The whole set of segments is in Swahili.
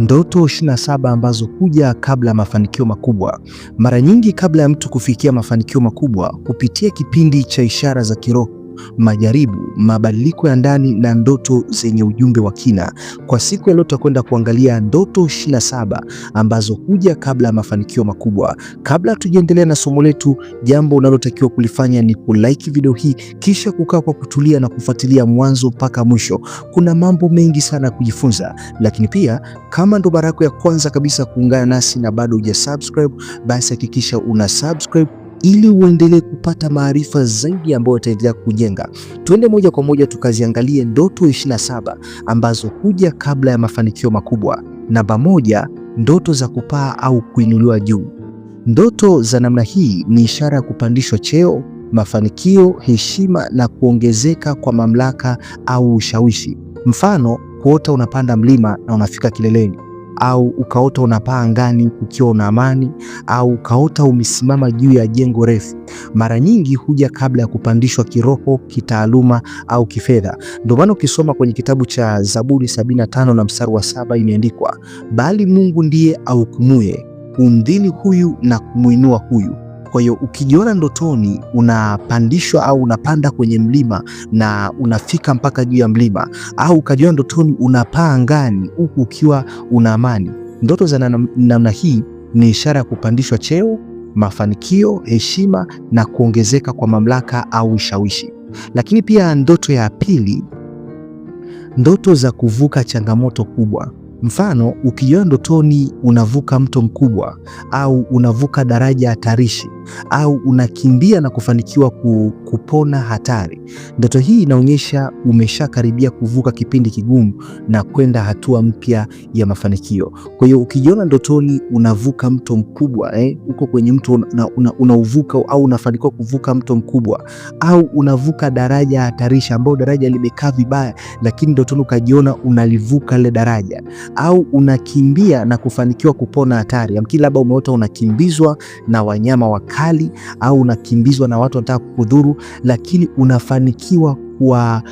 ndoto 27 ambazo huja kabla ya mafanikio makubwa. Mara nyingi kabla ya mtu kufikia mafanikio makubwa, hupitia kipindi cha ishara za kiroho majaribu, mabadiliko ya ndani na ndoto zenye ujumbe wa kina. Kwa siku ya leo tutakwenda kuangalia ndoto 27 ambazo huja kabla ya mafanikio makubwa. Kabla tujaendelea na somo letu, jambo unalotakiwa kulifanya ni kulike video hii, kisha kukaa kwa kutulia na kufuatilia mwanzo mpaka mwisho. Kuna mambo mengi sana ya kujifunza, lakini pia kama ndo mara yako ya kwanza kabisa kuungana nasi na bado hujasubscribe, basi hakikisha una subscribe ili uendelee kupata maarifa zaidi ambayo yataendelea kujenga. Tuende moja kwa moja tukaziangalie ndoto 27 ambazo huja kabla ya mafanikio makubwa. Namba moja, ndoto za kupaa au kuinuliwa juu. Ndoto za namna hii ni ishara ya kupandishwa cheo, mafanikio, heshima na kuongezeka kwa mamlaka au ushawishi. Mfano, kuota unapanda mlima na unafika kileleni au ukaota unapaa angani ukiwa una amani, au ukaota umesimama juu ya jengo refu, mara nyingi huja kabla ya kupandishwa kiroho, kitaaluma au kifedha. Ndio maana ukisoma kwenye kitabu cha Zaburi 75 na mstari wa saba imeandikwa, bali Mungu ndiye ahukumuye humdhili huyu na kumwinua huyu kwa hiyo ukijiona ndotoni unapandishwa au unapanda kwenye mlima na unafika mpaka juu ya mlima, au ukajiona ndotoni unapaa angani huku ukiwa una amani, ndoto za namna hii ni ishara ya kupandishwa cheo, mafanikio, heshima na kuongezeka kwa mamlaka au ushawishi. Lakini pia ndoto ya pili, ndoto za kuvuka changamoto kubwa. Mfano, ukijiona ndotoni unavuka mto mkubwa au unavuka daraja hatarishi au unakimbia na kufanikiwa kupona hatari, ndoto hii inaonyesha umeshakaribia kuvuka kipindi kigumu na kwenda hatua mpya ya mafanikio. Kwa hiyo ukijiona ndotoni unavuka mto mkubwa eh, uko kwenye mto unauvuka una, una au unafanikiwa kuvuka mto mkubwa au unavuka daraja hatarishi, ambao daraja limekaa vibaya, lakini ndotoni ukajiona unalivuka lile daraja au unakimbia na kufanikiwa kupona hatari. Amkini labda umeota unakimbizwa na wanyama wakali au unakimbizwa na watu wanataka kukudhuru, lakini unafanikiwa kwa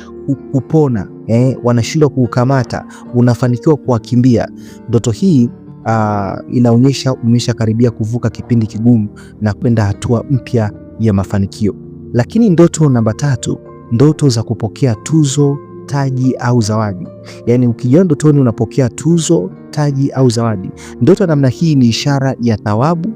kupona eh, wanashindwa kuukamata, unafanikiwa kuwakimbia. Ndoto hii uh, inaonyesha umeshakaribia kuvuka kipindi kigumu na kwenda hatua mpya ya mafanikio. Lakini ndoto namba tatu, ndoto za kupokea tuzo taji au zawadi. Yaani ukijaa ndotoni unapokea tuzo, taji au zawadi. Ndoto namna hii ni ishara ya thawabu,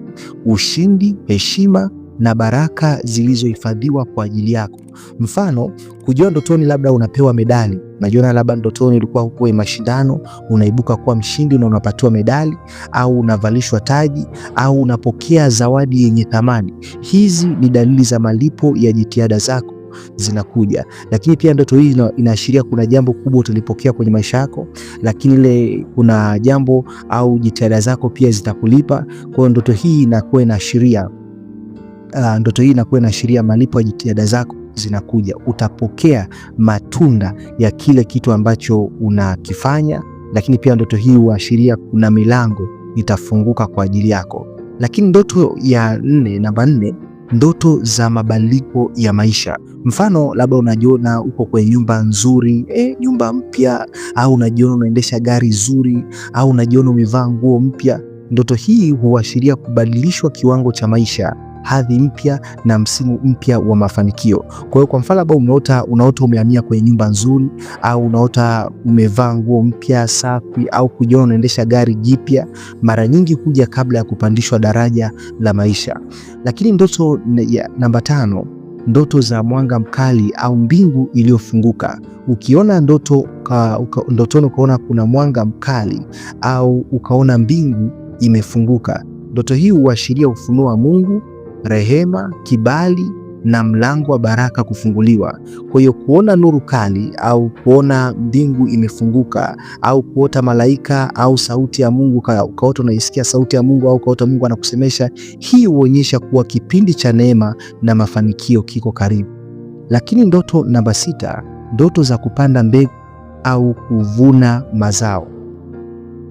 ushindi, heshima na baraka zilizohifadhiwa kwa ajili yako. Mfano, kujiona ndotoni labda unapewa medali. Unajiona labda ndotoni ulikuwa huko mashindano, unaibuka kuwa mshindi na unapatiwa medali au unavalishwa taji au unapokea zawadi yenye thamani. Hizi ni dalili za malipo ya jitihada zako zinakuja. Lakini pia ndoto hii inaashiria kuna jambo kubwa utalipokea kwenye maisha yako, lakini ile kuna jambo au jitihada zako pia zitakulipa. Kwa hiyo ndoto hii inakuwa inaashiria uh, ndoto hii inakuwa inaashiria malipo ya jitihada zako zinakuja, utapokea matunda ya kile kitu ambacho unakifanya. Lakini pia ndoto hii huashiria kuna milango itafunguka kwa ajili yako. Lakini ndoto ya nne, namba nne ndoto za mabadiliko ya maisha. Mfano, labda unajiona uko kwenye nyumba nzuri e, nyumba mpya, au unajiona unaendesha gari zuri, au unajiona umevaa nguo mpya. Ndoto hii huashiria kubadilishwa kiwango cha maisha hadhi mpya na msimu mpya wa mafanikio. Kwa hiyo kwa mfano labda unaota unaota umehamia kwenye nyumba nzuri, au unaota umevaa nguo mpya safi, au kujiona unaendesha gari jipya, mara nyingi kuja kabla ya kupandishwa daraja la maisha. Lakini ndoto namba tano, ndoto za mwanga mkali au mbingu iliyofunguka. Ukiona ndoto ka, uka, ndotoni ukaona kuna mwanga mkali au ukaona mbingu imefunguka, ndoto hii huashiria ufunuo wa Mungu rehema, kibali na mlango wa baraka kufunguliwa. Kwa hiyo kuona nuru kali au kuona mbingu imefunguka au kuota malaika au sauti ya Mungu ukaota unaisikia sauti ya Mungu au ukaota Mungu anakusemesha, hii huonyesha kuwa kipindi cha neema na mafanikio kiko karibu. Lakini ndoto namba sita, ndoto za kupanda mbegu au kuvuna mazao.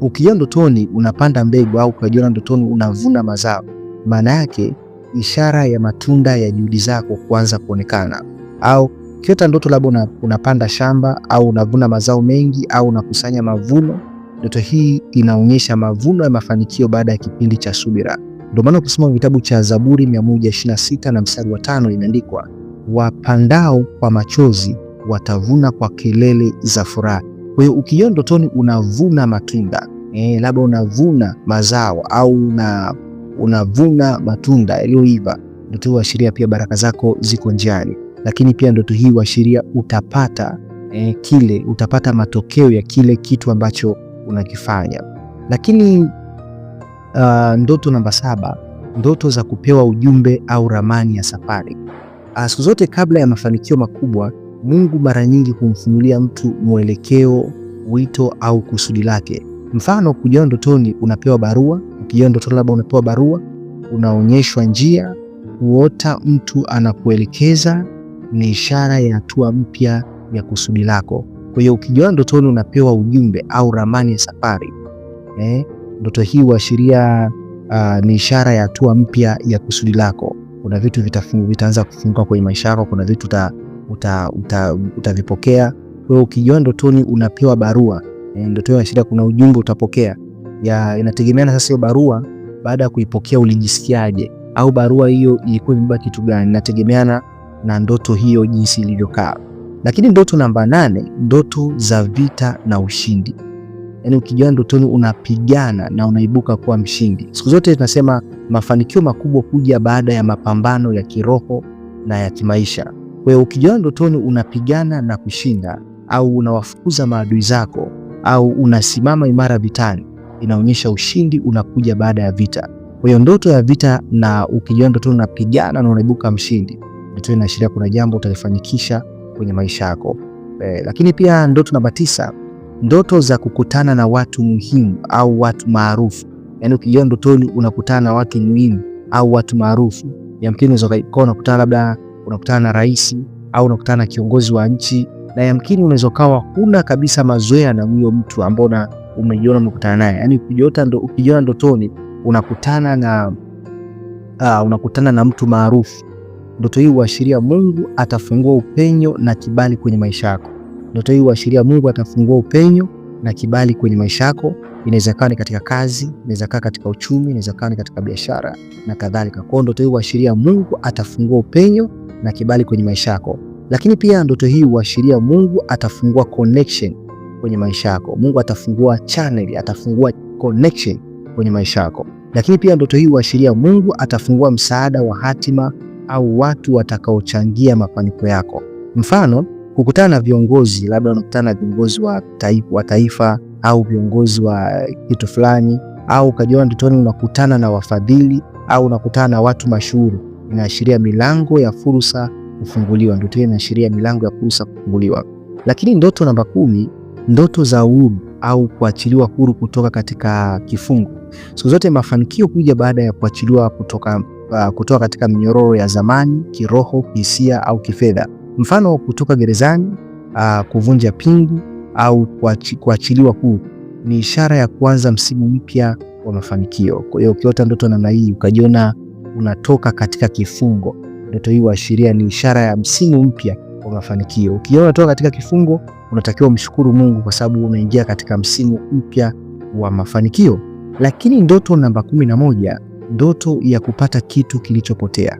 Ukijiona ndotoni unapanda mbegu au ukajiona ndotoni unavuna mazao, maana yake ishara ya matunda ya juhudi zako kuanza kuonekana. Au kiota ndoto, labda unapanda shamba au unavuna mazao mengi au unakusanya mavuno. Ndoto hii inaonyesha mavuno ya mafanikio baada ya kipindi cha subira. Ndio maana ukisoma vitabu cha Zaburi 126 na mstari wa tano imeandikwa, wapandao kwa machozi watavuna kwa kelele za furaha. Kwa hiyo ukijiona ndotoni unavuna matunda e, labda unavuna mazao au una unavuna matunda yaliyoiva. Ndoto hii huashiria pia baraka zako ziko njiani, lakini pia ndoto hii huashiria utapata eh, kile utapata matokeo ya kile kitu ambacho unakifanya. Lakini uh, ndoto namba saba, ndoto za kupewa ujumbe au ramani ya safari. Ah, siku zote kabla ya mafanikio makubwa, Mungu mara nyingi humfunulia mtu mwelekeo, wito au kusudi lake. Mfano, kujiona ndotoni unapewa barua hiyo ndoto, labda unapewa barua, unaonyeshwa njia, huota mtu anakuelekeza, ni ishara ya hatua mpya ya kusudi lako. Kwa hiyo ukijiona ndotoni unapewa ujumbe au ramani ya safari eh, ndoto hii huashiria uh, ni ishara ya hatua mpya ya kusudi lako. Kuna vitu vitaanza kufunguka kwenye maisha yako, kuna vitu uta, uta, uta, utavipokea. Kwa hiyo ukijiona ndotoni unapewa barua eh, ndoto hiyo inaashiria kuna ujumbe utapokea ya inategemeana sasa, hiyo barua baada ya kuipokea ulijisikiaje, au barua hiyo ilikuwa imebeba kitu gani, inategemeana na ndoto hiyo jinsi ilivyokaa. Lakini ndoto namba nane, ndoto za vita na ushindi. Yani ukijaa ndotoni unapigana na unaibuka kuwa mshindi. Siku zote tunasema mafanikio makubwa kuja baada ya mapambano ya kiroho na ya kimaisha. Kwa hiyo ndotoni unapigana na kushinda, au unawafukuza maadui zako, au unasimama imara vitani, inaonyesha ushindi unakuja baada ya vita. Kwa hiyo ndoto ya vita, na ukijiona ndoto unapigana na unaibuka mshindi, ndoto inaashiria kuna jambo utalifanikisha kwenye maisha yako. E, lakini pia ndoto namba tisa, ndoto za kukutana na watu muhimu au watu maarufu. Yaani ukijiona ndotoni unakutana na watu muhimu au watu maarufu, yamkini unaweza kuwa unakutana labda unakutana na rais au unakutana na kiongozi wa nchi, na yamkini unaweza ukawa huna kabisa mazoea na huyo mtu ambao umejiona umekutana naye. Yani ukijiota ndo, ukijiona ndotoni unakutana na uh, unakutana na mtu maarufu, ndoto hii huashiria Mungu atafungua upenyo na kibali kwenye maisha yako. Ndoto hii huashiria Mungu atafungua upenyo na kibali kwenye maisha yako. Inaweza kuwa ni katika kazi, inaweza kuwa katika uchumi, inaweza kuwa ni katika biashara na kadhalika. Kwa hiyo ndoto hii huashiria Mungu atafungua upenyo na kibali kwenye maisha yako, lakini pia ndoto hii huashiria Mungu atafungua connection kwenye maisha yako. Mungu atafungua channel, atafungua connection kwenye maisha yako. Lakini pia ndoto hii huashiria Mungu atafungua msaada wa hatima au watu watakaochangia mafanikio yako. Mfano, kukutana na viongozi, labda unakutana na viongozi wa taifa, wa taifa au viongozi wa kitu fulani, au ukajiona ndotoni unakutana na wafadhili au unakutana na watu mashuhuri. Inaashiria milango ya fursa kufunguliwa. Ndoto hii inaashiria milango ya fursa kufunguliwa. Lakini ndoto namba kumi ndoto za uhuru au kuachiliwa huru kutoka katika kifungo. Siku zote mafanikio huja baada ya kuachiliwa kutoka, uh, kutoka katika minyororo ya zamani, kiroho, kihisia au kifedha. Mfano, kutoka gerezani, uh, kuvunja pingu au kuachiliwa huru ni ishara ya kuanza msimu mpya wa mafanikio. Kwa hiyo ukiota ndoto namna hii ukajiona unatoka katika kifungo, ndoto hii huashiria ni ishara ya msimu mpya wa mafanikio. Ukiona unatoka katika kifungo unatakiwa umshukuru Mungu kwa sababu umeingia katika msimu mpya wa mafanikio. Lakini ndoto namba kumi na moja, ndoto ya kupata kitu kilichopotea.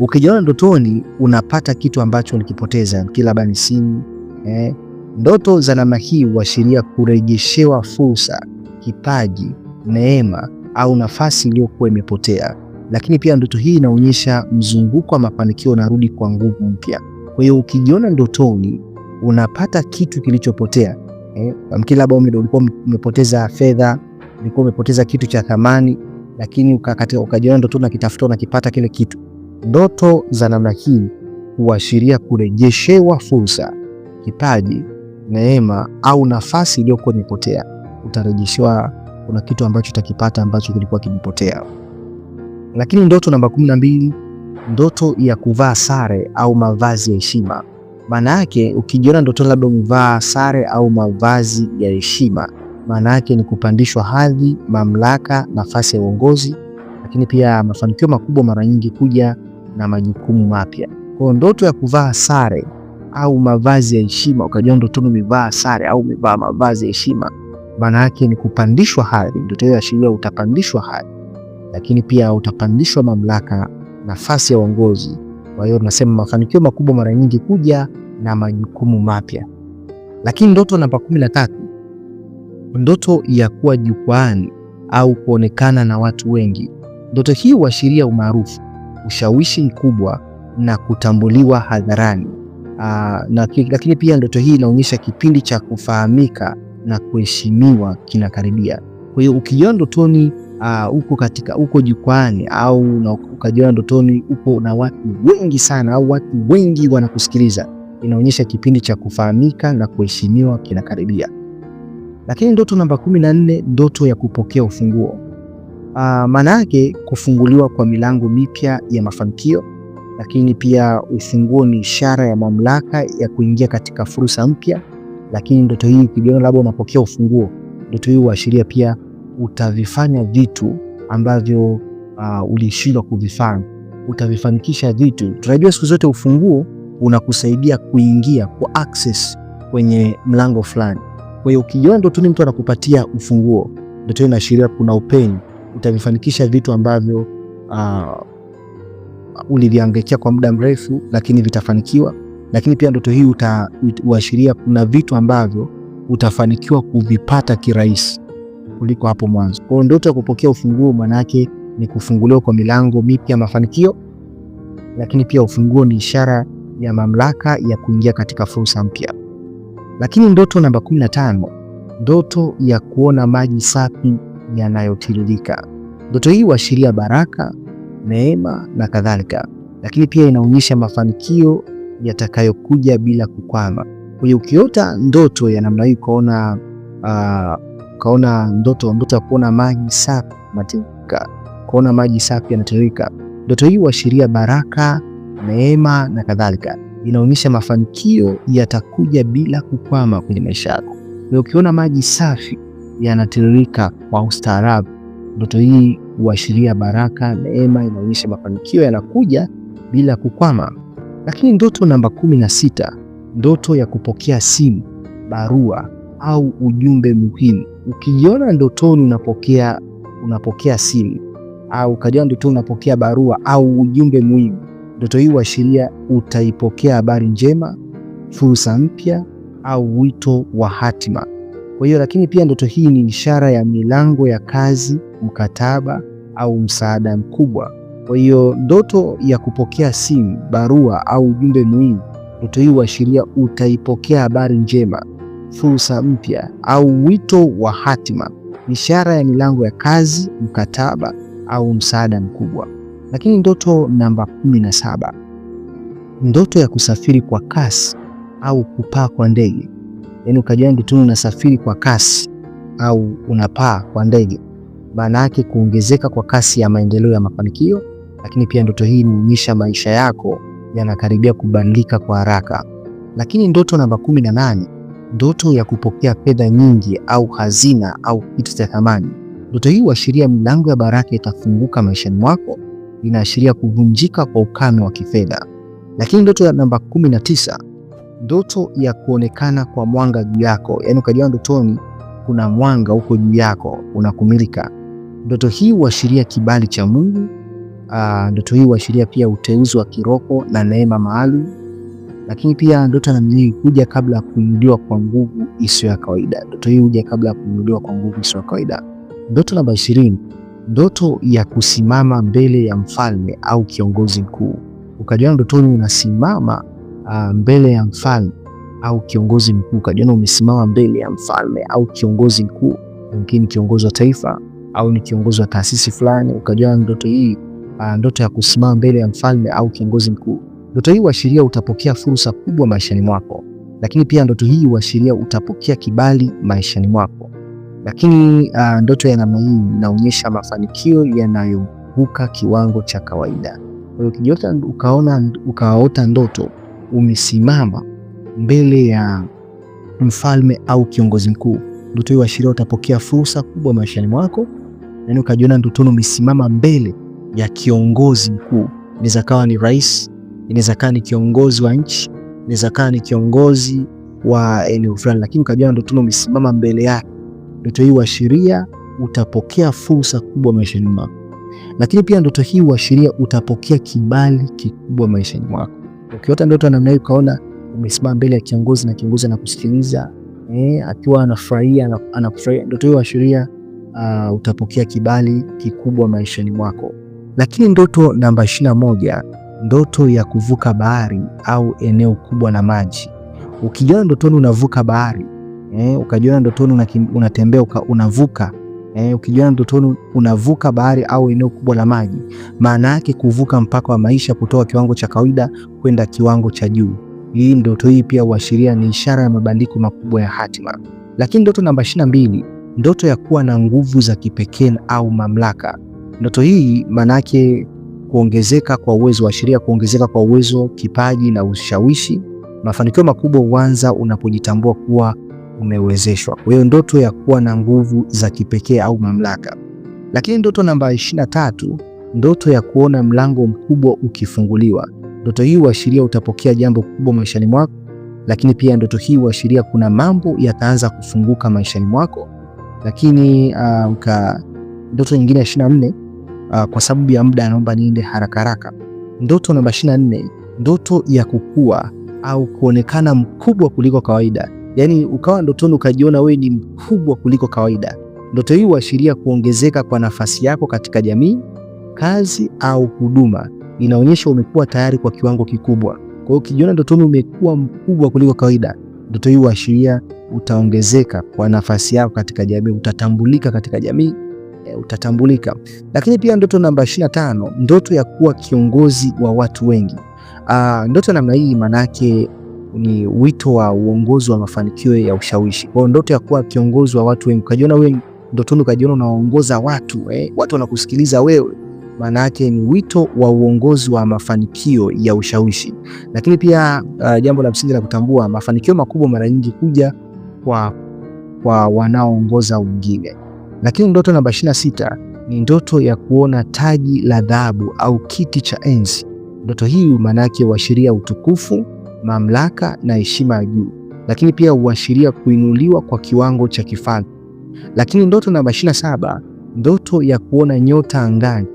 Ukijiona ndotoni unapata kitu ambacho ulikipoteza, labda ni simu eh. Ndoto za namna hii huashiria kurejeshewa fursa, kipaji, neema au nafasi iliyokuwa imepotea. Lakini pia ndoto hii inaonyesha mzunguko wa mafanikio unarudi kwa nguvu mpya. Kwa hiyo ukijiona ndotoni unapata kitu kilichopotea eh, mkili labda ulikuwa umepoteza fedha, ulikuwa umepoteza kitu cha thamani, lakini ukajiona ndo tu nakitafuta unakipata kile kitu. Ndoto za namna hii huashiria kurejeshewa fursa, kipaji, neema au nafasi iliyokuwa imepotea. Utarejeshewa, kuna kitu ambacho utakipata ambacho kilikuwa kimepotea. Lakini ndoto namba kumi na mbili, ndoto ya kuvaa sare au mavazi ya heshima maana yake ukijiona ndotoni labda umevaa sare au mavazi ya heshima, maana yake ni kupandishwa hadhi, mamlaka, nafasi ya uongozi, lakini pia mafanikio makubwa mara nyingi kuja na majukumu mapya. Kwa ndoto ya kuvaa sare au mavazi ya heshima, ukajiona ndotoni umevaa sare au umevaa mavazi ya heshima, maana yake ni kupandishwa hadhi. Ndoto hiyo inaashiria utapandishwa hadhi, lakini pia utapandishwa mamlaka, nafasi ya uongozi kwa hiyo tunasema mafanikio makubwa mara nyingi kuja na majukumu mapya. Lakini ndoto namba kumi na tatu, ndoto ya kuwa jukwaani au kuonekana na watu wengi. Ndoto hii huashiria umaarufu, ushawishi mkubwa na kutambuliwa hadharani. Aa, na, lakini pia ndoto hii inaonyesha kipindi cha kufahamika na kuheshimiwa kinakaribia. Kwa hiyo ukijiona ndotoni uh, uko katika uko jukwani au ukajiona ndotoni upo na watu wengi sana au watu wengi wanakusikiliza, inaonyesha kipindi cha kufahamika na kuheshimiwa kinakaribia. Lakini ndoto namba kumi na nne, ndoto ya kupokea ufunguo. Uh, ah, maana yake kufunguliwa kwa milango mipya ya mafanikio, lakini pia ufunguo ni ishara ya mamlaka ya kuingia katika fursa mpya. Lakini ndoto hii ukijiona labda unapokea ufunguo, ndoto hii huashiria pia utavifanya vitu ambavyo uh, ulishindwa kuvifanya, utavifanikisha vitu. Tunajua siku zote ufunguo unakusaidia kuingia kwa access kwenye mlango fulani. Kwa hiyo ukijiona ndotoni mtu anakupatia ufunguo, ndotoni inaashiria kuna upenyo, utavifanikisha vitu ambavyo uh, uliviangaikia kwa muda mrefu, lakini vitafanikiwa. Lakini pia ndoto hii uashiria kuna vitu ambavyo utafanikiwa kuvipata kirahisi kuliko hapo mwanzo. Kwa hiyo ndoto ya kupokea ufunguo maana ni kufunguliwa kwa milango mipya ya mafanikio, lakini pia ufunguo ni ishara ya mamlaka ya kuingia katika fursa mpya. Lakini ndoto namba 15, ndoto ya kuona maji safi yanayotiririka. Ndoto hii huashiria baraka, neema na kadhalika, lakini pia inaonyesha mafanikio yatakayokuja bila kukwama. Kwa hiyo ukiota ndoto ya namna hii ukaona uh, ukaona ndoto ndoto ya kuona maji safi yanatiririka, kuona maji safi yanatiririka. Ndoto hii huashiria baraka, neema na kadhalika, inaonyesha mafanikio yatakuja bila kukwama kwenye maisha yako. Ukiona maji safi yanatiririka kwa ustaarabu, ndoto hii huashiria baraka, neema, inaonyesha mafanikio yanakuja bila kukwama. Lakini ndoto namba kumi na sita, ndoto ya kupokea simu, barua au ujumbe muhimu. Ukijiona ndotoni unapokea unapokea simu au ukajiona ndotoni unapokea barua au ujumbe muhimu, ndoto hii huashiria utaipokea habari njema, fursa mpya au wito wa hatima. Kwa hiyo, lakini pia ndoto hii ni ishara ya milango ya kazi, mkataba au msaada mkubwa. Kwa hiyo, ndoto ya kupokea simu, barua au ujumbe muhimu, ndoto hii huashiria utaipokea habari njema fursa mpya au wito wa hatima, ishara ya milango ya kazi, mkataba au msaada mkubwa. Lakini ndoto namba kumi na saba, ndoto ya kusafiri kwa kasi au kupaa kwa ndege. Yaani ukajiangi tu unasafiri kwa kasi au unapaa kwa ndege, maana yake kuongezeka kwa kasi ya maendeleo ya mafanikio. Lakini pia ndoto hii inaonyesha maisha yako yanakaribia kubadilika kwa haraka. Lakini ndoto namba kumi na nane ndoto ya kupokea fedha nyingi au hazina au kitu cha thamani. Ndoto hii huashiria milango ya baraka itafunguka maishani mwako, inaashiria kuvunjika kwa ukame wa kifedha. Lakini ndoto ya namba 19, ndoto ya kuonekana kwa mwanga juu yako, yaani ukajiona ndotoni kuna mwanga huko juu yako unakumilika. Ndoto hii huashiria kibali cha Mungu. Ndoto hii huashiria pia uteuzi wa kiroho na neema maalum. Lakini pia ndoto namna huja kabla ya kuinuliwa kwa nguvu isiyo ya kawaida. Ndoto hii huja kabla ya kuinuliwa kwa nguvu isiyo ya kawaida. Ndoto namba ishirini, ndoto ya kusimama mbele ya mfalme au kiongozi mkuu. Ukajiona ndotoni unasimama uh, mbele ya mfalme au kiongozi mkuu. Ukajiona umesimama mbele ya mfalme au kiongozi mkuu, mkini kiongozi wa taifa au ni kiongozi wa taasisi fulani. Ukajiona ndoto hii uh, ndoto ya kusimama mbele ya mfalme au kiongozi mkuu Ndoto hii huashiria utapokea fursa kubwa maishani mwako, lakini pia ndoto hii huashiria utapokea kibali maishani mwako. Lakini uh, ndoto ya namna hii inaonyesha mafanikio yanayovuka kiwango cha kawaida. Kwa hiyo ukaona, ukaota ndoto umesimama mbele ya mfalme au kiongozi mkuu, ndoto hii huashiria utapokea fursa kubwa maishani mwako. Yani ukajiona ndotoni umesimama mbele ya kiongozi mkuu, inaweza kawa ni rais inaweza kaa ni kiongozi wa nchi, inaweza kaa ni kiongozi wa eneo fulani, lakini kabila ndo tuna umesimama mbele yake. Ndoto hii huashiria utapokea fursa kubwa maishani mwako, lakini pia ndoto hii huashiria utapokea kibali kikubwa maishani mwako. Ukiota ndoto namna hii, ukaona umesimama mbele ya kiongozi na kiongozi anakusikiliza eh, akiwa anafurahia, anakufurahia, ndoto hii huashiria uh, utapokea kibali kikubwa maishani mwako. Lakini ndoto namba ishirini na moja ndoto ya kuvuka bahari au eneo kubwa la maji. Ukijiona ndotoni unavuka bahari eh, ukajiona ndotoni unatembea unavuka eh, ukijiona ndotoni unavuka bahari au eneo kubwa la maji, maana yake kuvuka mpaka wa maisha kutoka kiwango cha kawaida kwenda kiwango cha juu. Hii ndoto hii pia huashiria ni ishara ya mabadiliko makubwa ya hatima. Lakini ndoto namba mbili, ndoto ya kuwa na nguvu za kipekee au mamlaka. Ndoto hii maanake kuongezeka kwa uwezo, sheria, kuongezeka kwa uwezo, kipaji na ushawishi. Mafanikio makubwa huanza unapojitambua kuwa umewezeshwa. Kwa hiyo ndoto ya kuwa na nguvu za kipekee au mamlaka. Lakini ndoto namba 23, ndoto ya kuona mlango mkubwa ukifunguliwa. Ndoto hii huashiria utapokea jambo kubwa maishani mwako, lakini pia ndoto hii huashiria kuna mambo yataanza kufunguka maishani mwako. Lakini uh, ndoto nyingine 24 uh, kwa sababu ya muda anaomba niende haraka haraka. Ndoto namba 24, ndoto ya kukua au kuonekana mkubwa kuliko kawaida, yaani ukawa ndotoni ukajiona wewe ni mkubwa kuliko kawaida. Ndoto hii huashiria kuongezeka kwa nafasi yako katika jamii, kazi au huduma. Inaonyesha umekuwa tayari kwa kiwango kikubwa. Kwa hiyo ukijiona ndotoni umekuwa mkubwa kuliko kawaida, ndoto hii huashiria utaongezeka kwa nafasi yako katika jamii, utatambulika katika jamii e, utatambulika. Lakini pia ndoto namba 25, ndoto ya kuwa kiongozi wa watu wengi. Aa, ah, ndoto namna hii maana yake ni wito wa uongozi wa mafanikio ya ushawishi. Kwa ndoto ya kuwa kiongozi wa watu wengi, ukajiona wewe ndoto ukajiona unaongoza watu eh, watu wanakusikiliza wewe, maana yake ni wito wa uongozi wa mafanikio ya ushawishi. Lakini pia uh, jambo la msingi la kutambua, mafanikio makubwa mara nyingi kuja kwa, kwa wanaoongoza wengine. Lakini ndoto namba 26 ni ndoto ya kuona taji la dhahabu au kiti cha enzi. Ndoto hii maana yake huashiria utukufu, mamlaka na heshima ya juu, lakini pia huashiria kuinuliwa kwa kiwango cha kifalme. Lakini ndoto namba 27, ndoto ya kuona nyota angani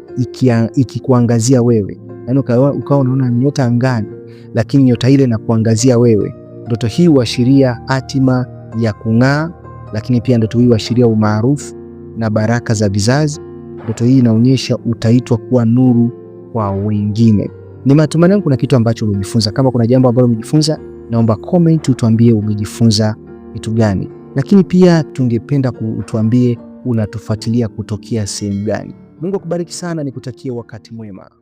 ikikuangazia iki wewe, yaani ukawa unaona nyota angani, lakini nyota ile inakuangazia wewe. Ndoto hii huashiria hatima ya kung'aa, lakini pia ndoto hii huashiria umaarufu na baraka za vizazi. Ndoto hii inaonyesha utaitwa kuwa nuru kwa wengine. Ni matumaini yangu kuna kitu ambacho umejifunza. Kama kuna jambo ambalo umejifunza, naomba comment utuambie umejifunza kitu gani, lakini pia tungependa utuambie unatufuatilia kutokea sehemu gani. Mungu akubariki sana, nikutakie wakati mwema.